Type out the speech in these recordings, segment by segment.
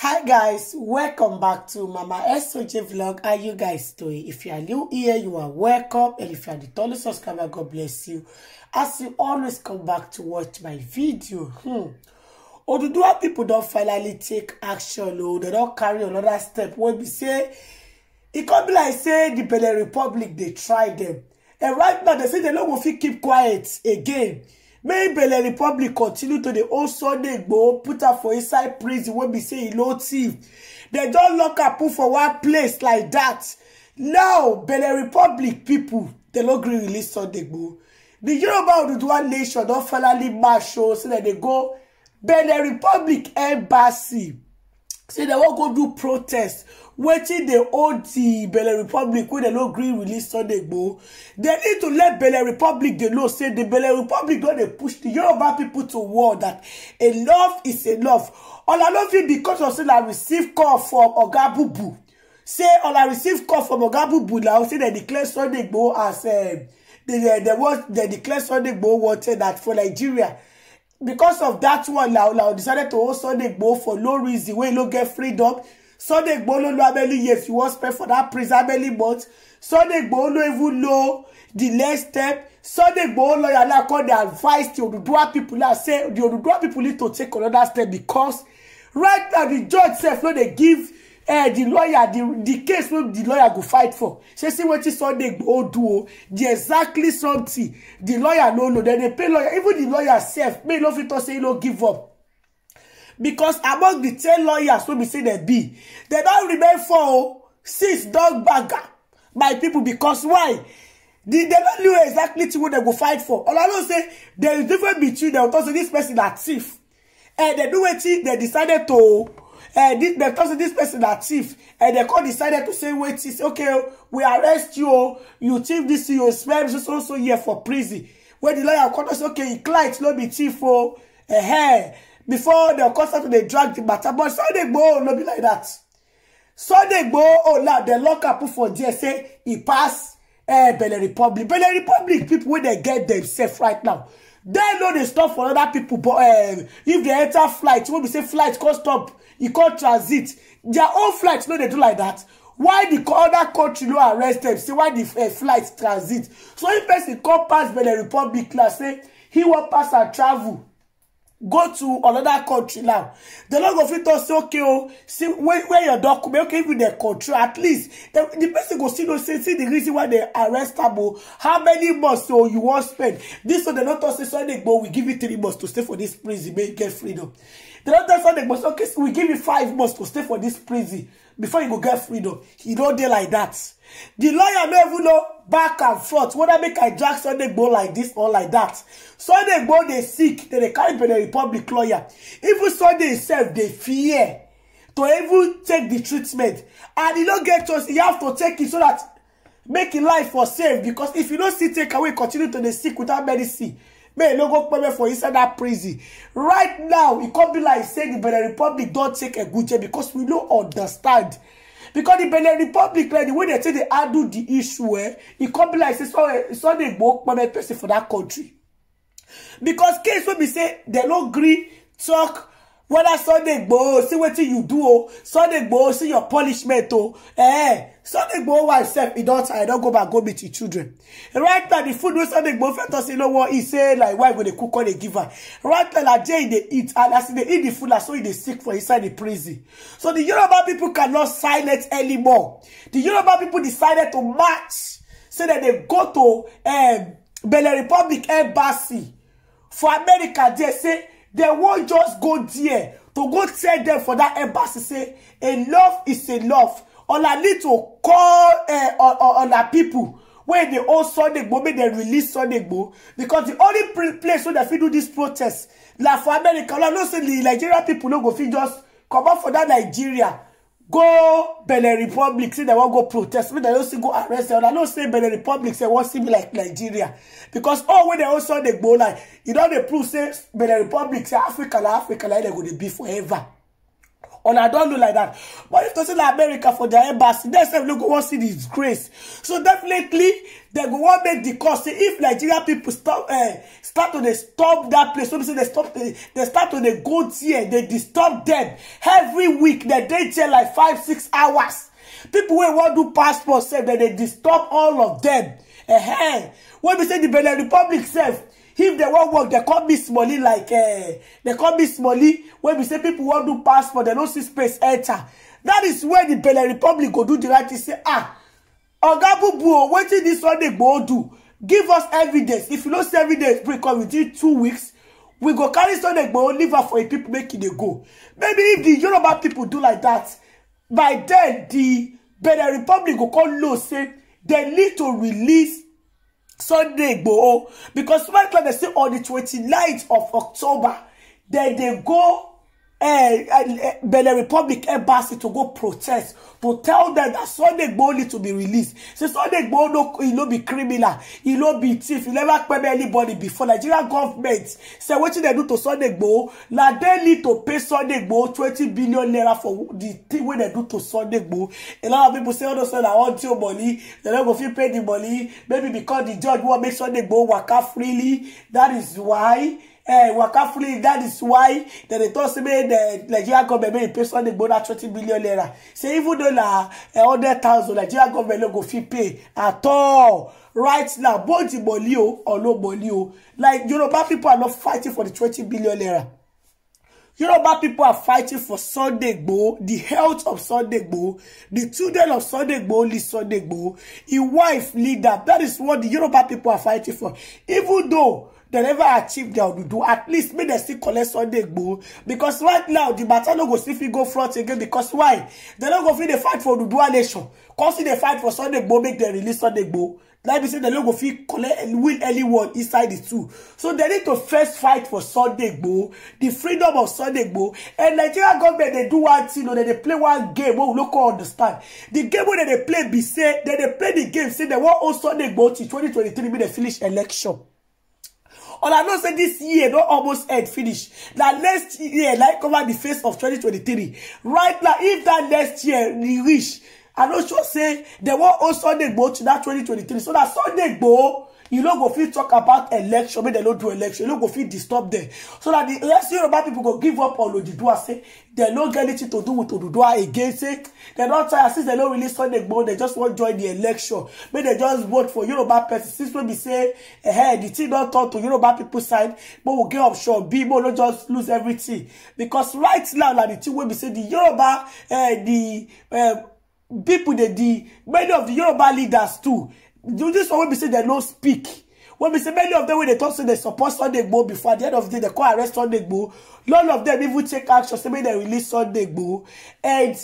hi guys welcome back to mama soj vlog how you guys doing if you are new here you are welcome and if you are the tallest subscriber god bless you as you always come back to watch my video hmm Oduduwa people don't finally take action o oh. they don't carry another step When we say e come be like say the Benin Republic They try them and right now they say they no go keep quiet again make Bele Republic continue to the old Sunday go put am for inside prison wey be say e no thief dem don lock am put for one place like that. now Bele Republic people, they no gree release Sunday Igboho di Yoruba Oduduwa nation Don't finally march o So dem dey go Bele Republic embassy say they wan go do protest wetin dey hold di belle republic wey dem no gree release sunday gboo dem need to let belle republic dey know say di belle republic don dey push di yoruba pipo to war that a love is a love olalofi because of say na receive call from oga bubu say ola receive call from oga bubu now say dem declare sunday gboo as dem um, declare sunday gboo wanted that for nigeria because of dat one now now decided to hold sunday gboo for no reason wey e no get freedom Sunday Igboho no Abeli. Yes, he was paid for that praise Abeli, but Sunday Igboho no even know the next step. Sunday Igboho lawyer now the advice to the Oduduwa people and say the Oduduwa people need to take another step because right now the judge sef no they give uh, the lawyer the the case wey the lawyer go fight for say see wetin Sunday go do the exactly something the lawyer no no. Then dey pay lawyer even the lawyer self may e no fit say he no give up because among the ten lawyers wey be say dem be dem don remain for six dog bagger by people. Because why dem no know exactly tin wey dem go fight for all i know say there is difference between dem tok say dis person na thief and eh, dem do wetin dem decided to dem tok say dis person na thief and eh, dem come decided to say wait, say okay we arrest you you thief dis you spend so so year for prison wey di lawyer come tok say okay e client no be thief o eh before they come start to dey drag the matter but Sunday Igboho no be like that Sunday Igboho now dem lock am put for there say e pass eh, Benin Republic Benin Republic people wey they get themselves right now They know dey stop for other people but uh, if they enter flight wey we say flight come stop e come transit their own flights, no they do like that why the other country no arrest them say why the uh, flight transit so if person come pass Benin Republic class say he wan pass and travel go to another country now the law go fit talk say okay o oh, see where when your document okay if you dey control at least the, the person go see know say see the reason why they arrestable. Oh. how many months o oh, you wan spend this one dem no talk say sunday igbo we give you three months to stay for this prison make you get freedom dem no talk sunday igbo say okay so we give you five months to stay for this prison before you go get freedom he no dey like that the lawyer no even know back and forth whether make i drag sunday go like this or like that. sunday go dey sick dem dey carry benin republic lawyer even sunday sef dey fear to even take the treatment and e no get choice e have to take it so that make e life for safe because if you no see take away continue to dey sick without medicine May e no go pepper for inside that prison right now e come be like say di benin republic don take eguche because we no understand because the benin republic like the way they say they handle the issue eh e come be like say sunday igboho permanent person for that country because case wey be say dem no gree talk whether Sunday Igboho see wetin you do o oh. Sunday Igboho see your punishment o oh. eh Sunday Igboho wife sef e don tire don go back go meet im children right now the food wey Sunday Igboho fit talk say no wan eat say like wife go dey cook come dey give am right now na jail e dey eat and as e dey eat the food na so e dey sick for inside the prison so the Yoruba people cannot silent anymore the Yoruba people decided to march say dem dey go to um, Benin Republic embassy for America there say they won't just go there to go tell them for that embassy say a love is a love una need to call una eh, people wey they all sunday gbo make they release sunday gbo because the only place where they fit do this protest like for america una know say di nigeria people don't go fit just come comot for that nigeria go benin republic say they wan go protest make they no still go arrest them. i know say benin republic say wan see be like nigeria because all wey dem also dey go like e don dey prove say benin republic say africa na africa na dem go dey be forever una don do like that but if to say na america for their embassy dem sef no go wan see the disgrace so definitely They go wan make the cost say if nigeria pipo stop eh, start to dey stop dat place wey be say they start to dey go there dey disturb them every week They dey there like five six hours People wey wan do passport sef dem dey disturb all of dem -huh. wey be say the benin republic sef if dem wan work dem come miss money like eh dem come miss money wey be say people wan do passport dem no see space enter that is where the benin republic go do the right thing say ah oga bubu o this dis sunday go do give us evidence if you no see evidence break up within two weeks we go carry sunday go leave her for im people making e go maybe if the yoruba people do like that, by then the benin republic will call know say they need to release sunday go because right now dem say on the 29th of october dem they go Eh, eh, eh, Benin Republic embassy to go protest to tell them that Sunday Igboho need to be released. Say Sunday Igboho no he no be criminal, he no be thief, he never pay anybody before. Nigerian government say wetin they do to Sunday Igboho na dem need to pay Sunday Igboho twenty billion naira for the thing when they do to Sunday Igboho. A lot of people say all those want your money they no go feel pay the money maybe because the judge wan make Sunday work out freely that is why uh, waka fully that is why dem dey talk say the nigeria government make e pay sunday gbona twenty billion naira say even though na eh, hundred thousand nigeria government no go fit pay at all right now both the moni o or no moni o like you know, people are not fighting for the twenty billion naira Yoruba people are fighting for Sunday Igboho, the health of Sunday Igboho, the children of Sunday Igboho, lead Sunday Igboho, a wife leader. That is what the Yoruba people are fighting for. Even though they never achieve their odudu, at least make they still collect Sunday Igboho. Because right now, the battle no go see if go front again. Because why? They no go fit dey fight for the dual nation. Come if they fight for Sunday Igboho, make them release Sunday Igboho. Like Bible say the logo go fit collect and win anyone inside the two. So they need to first fight for Sunday Igboho, the freedom of Sunday Igboho. And Nigeria government they do one thing, you know, they play one game What we no come understand. The game wey they play be say they play the game say they want all Sunday Igboho till 2023 make they finish election. All I know say this year don almost end finish. Na next year like cover the face of 2023. Right now, if that next year reach i no sure say they want all sunday igboho to that 2023 so that sunday igboho you no go feel talk about election but they don't do election you no go feel disturb dem so that the rest yoruba people go give up on oduduwa say they don't get anything to do with oduduwa again say they don tire since they don't release sunday gbon they just wan join the election make they just vote for yoruba person since wey be say hey, the thing don't talk to yoruba people side but we get option b more not just lose everything because right now like the thing wey be say the yoruba eh, the eh, people they the many of the Yoruba leaders too. This one will be say they don't speak. When we say many of them when they talk say they support Sunday Igboho before at the end of the day they call arrest Sunday Igboho. None of them even take action say make they release Sunday Igboho. And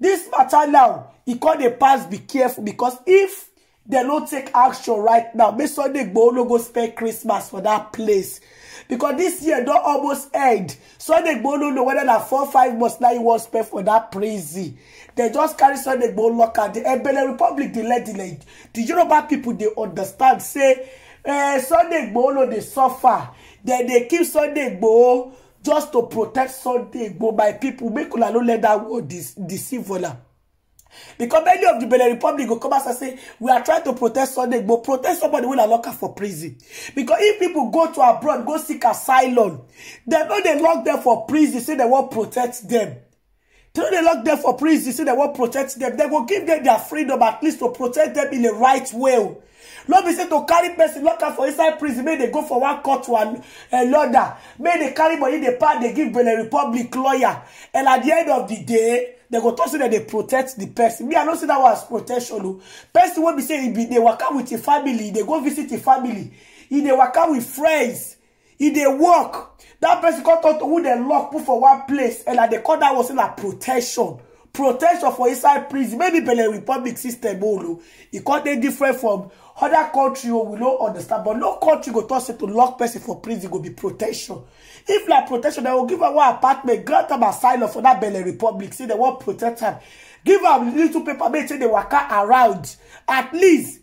this matter now, e come dey pass be careful because if They no take action right now make they go no go spend christmas for that place because this year don't almost end So they go no know whether that four five months now you wan spend for that crazy. They just carry sunday go look at the ebele republic dey let di yoruba people they understand say eh, sunday go no they suffer Then they keep sunday go just to protect sunday go by people. make una no let that word deceive una because many of the Benin Republic go come out and say we are trying to protest Sunday but protest somebody wey na lock am for prison because if people go to abroad go seek asylum they know they lock them for prison say dem wan protect them. They know they lock them for prison say dem wan protect them. They will give them their freedom at least to protect them in the right way no be say to carry person lock up for inside prison May they go for one court to another may they carry money dey pass they give benin republic lawyer and at the end of the day dem go talk say dem dey protect di person me i no see dat one as protection o oh. person wey be say e dey waka with im family e dey go visit im family e dey waka with friends e dey work dat person come talk to who dem lock put for one place and i dey call dat one say na protection protection for inside prison maybe Benin Republic system o lo e con dey different from other country o oh, we no understand but no country go talk say to lock person for prison go be protection if na protection dem go give am one apartment grant am asylum for that Benin Republic say dem wan protect am give am little paper make say dey waka around at least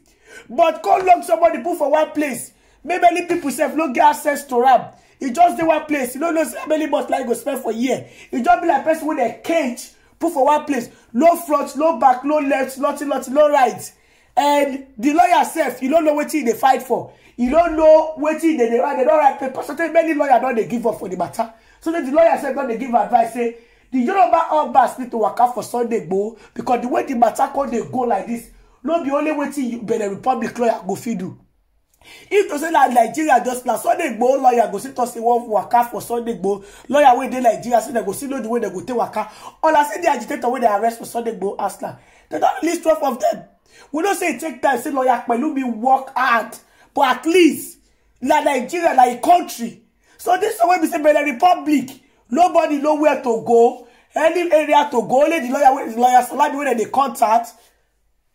but come lock somebody put for one place make many people sef no get access to am e just dey one place you no know say how many months like go spend for year e just be like person wey dey cage put for one place no front no back no left nothing nothing no right and the lawyer sef you no know wetin e dey fight for You no know wetin e dey dey write dem don write paper so tey many lawyer don dey give up for the matter so tey the lawyer sef don dey give advice say the yoruba obas need to waka for sunday gboo because the way the matter come dey go like this no be only wetin benin republic lawyer go fit do if to say that nigeria just plan sunday igboho lawyer go see to say wan waka for sunday igboho lawyer wey dey nigeria say dem go see load wey dem go take waka una see the agitator wey they arrest for sunday igboho asla dem don release twelve of them. we know say e take time say lawyer pelumi work hard but at least na nigeria na e country so this one wey be say by the republic nobody know where to go any area to go only the lawyer wey the lawyer salami wey dem they contact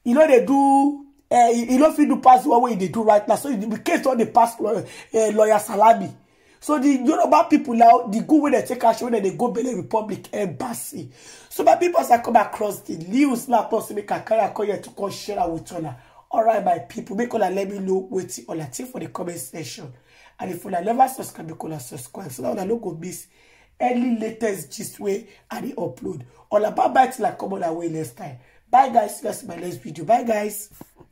You know they do uh, e no fit do pass the one wey do right now so the case don the pass eh, lawyer, uh, lawyer salami so the yoruba people now the good wey they take action wey dem dey go benin republic embassy so my people as i come across the news now talk say make i carry am come here to call share with una alright my people make una let me know wetin una think for the comment section and if una never subscribe make una subscribe so now una no go miss any latest gist way, and the upload All about bye till i come on our next time bye guys see you guys in my next video bye guys.